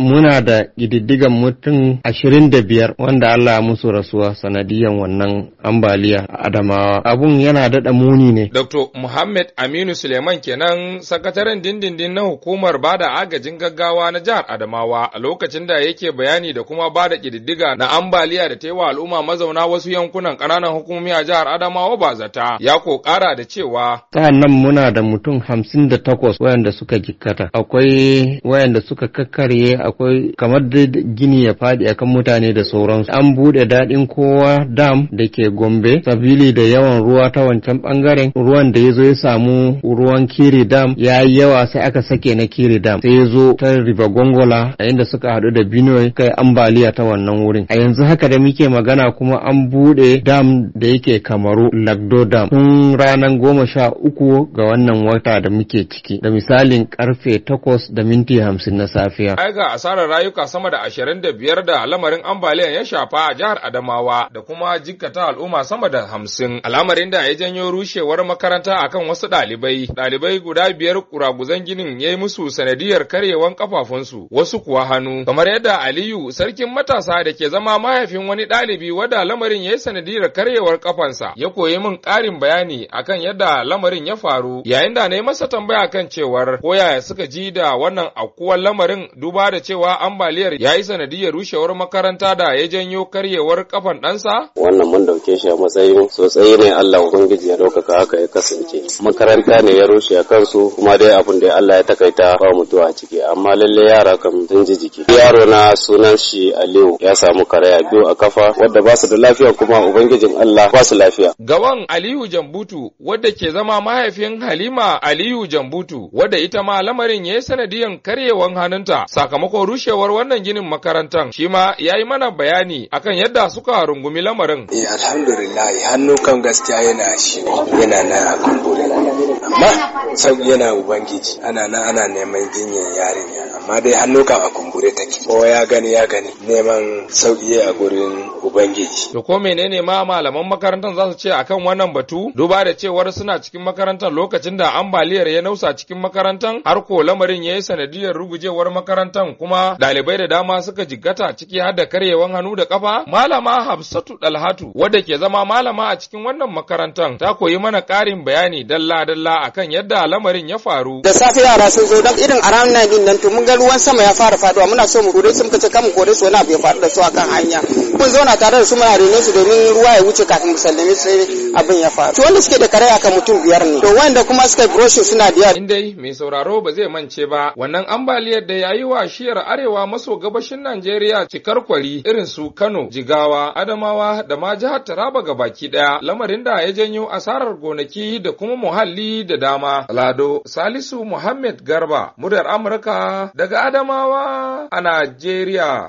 muna da ƙididdigan mutum ashirin da biyar wanda Allah ya musu rasuwa sanadiyan wannan ambaliya Adamawa. Abun yana daɗa muni ne. Dr. Muhammad Aminu Suleiman kenan sakataren dindindin na hukumar bada agajin gaggawa na jihar Adamawa a lokacin da yake bayani da kuma bada ƙididdiga na ambaliya da ta yi wa al'umma mazauna wasu yankunan ƙananan hukumomi a jihar Adamawa ba zata ya ko ƙara da cewa. Sa'an nan muna da mutum hamsin da takwas wayanda suka jikkata akwai wayanda suka kakkarye akwai kamar da gini ya faɗi kan mutane da sauransu an buɗe daɗin kowa dam da ke gombe sabili da yawan ruwa ta wancan ɓangaren ruwan da ya zo ya samu ruwan kiri dam ya yi yawa sai aka sake na kiri dam sai ya zo ta riba gongola a inda suka haɗu da benue kai ambaliya ta wannan wurin a yanzu haka da muke magana kuma an buɗe dam da yake kamaru lagdo dam tun ranar goma sha uku ga wannan wata da muke ciki da misalin karfe takwas da minti hamsin na safiya. asarar rayuka sama da ashirin da biyar da lamarin ambaliyan ya shafa a jihar Adamawa da kuma jikkata al'umma sama da hamsin. Al'amarin da ya janyo rushewar makaranta a kan wasu ɗalibai. Ɗalibai guda biyar kuraguzan ginin ya yi musu sanadiyar karyewan kafafunsu, wasu kuwa hannu. Kamar yadda Aliyu sarkin matasa da ke zama mahaifin wani ɗalibi wadda lamarin ya yi sanadiyar karyewar kafansa ya koyi min ƙarin bayani akan yadda lamarin ya faru yayin da na yi masa tambaya kan cewar ko yaya suka ji da wannan akuwar lamarin duba da cewa ambaliyar ya yi sanadiyar rushewar makaranta da ya janyo karyewar kafan ɗansa? Wannan mun dauke shi a matsayin sosai ne Allah Ubangiji ya ɗaukaka haka ya kasance. Makaranta ne ya rushe a kansu kuma dai abin da Allah ya takaita ba mutuwa a ciki amma lallai yara kam sun ji jiki. Yaro na sunan shi Aliyu ya samu karaya biyu a kafa wadda ba su da lafiya kuma Ubangijin Allah ba su lafiya. Gawan Aliyu Jambutu wadda ke zama mahaifin Halima Aliyu Jambutu wadda ita ma lamarin ya yi sanadiyan karyewar hannunta sakamakon ko rushewar wannan ginin makarantar shi ma ya yi mana bayani akan yadda suka rungumi lamarin. Eh, alhamdulillah hannu kan gaskiya yana shi yana na kumburin amma sauki yana ubangiji ana nan ana neman jinyar yarinya amma dai hannu kan a kumbure take ko ya gani ya gani neman sauki a gurin ubangiji to ko menene ma malaman makarantar za su ce akan wannan batu duba da cewar suna cikin makarantar lokacin da ambaliyar ya nausa cikin makarantar har ko lamarin ya yi sanadiyar rugujewar makarantar kuma ɗalibai da dama suka jiggata ciki har da karyewan hannu da kafa malama Hafsatu Dalhatu wadda ke zama malama a cikin wannan makarantar ta koyi mana ƙarin bayani dalla dalla a akan yadda lamarin ya faru. Da safe yara sun zo don irin around na yin nan to mun ga ruwan sama ya fara faduwa muna so mu gode su muka ce kan mu gode su wani abu ya faru da su akan hanya. Mun zauna tare da su muna rene su domin ruwa ya wuce kafin mu sallame su abin ya faru. To wanda suke da karaya kan mutum biyar ne. To wanda kuma suka broshin suna da In dai, mai sauraro ba zai mance ba wannan ambaliyar da yayi wa shiyar arewa maso gabashin Najeriya cikar kwari irin su Kano, Jigawa, Adamawa da ma jihar Taraba gabaki daya lamarin da ya janyo asarar gonaki da kuma muhalli da dama. Lado Salisu Muhammad Garba, muryar Amurka daga Adamawa a Najeriya.